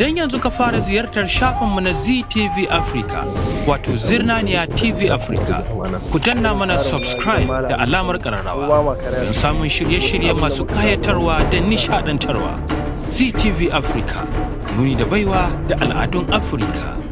Idan yanzu ka fara ziyartar shafinmu na ZTV Africa, wato Zirnaniya TV Africa, ku danna mana subscribe da alamar kararrawa don samun shirye-shirye masu kayatarwa da nishadantarwa. ZTV Africa, muni da baiwa da al'adun Africa.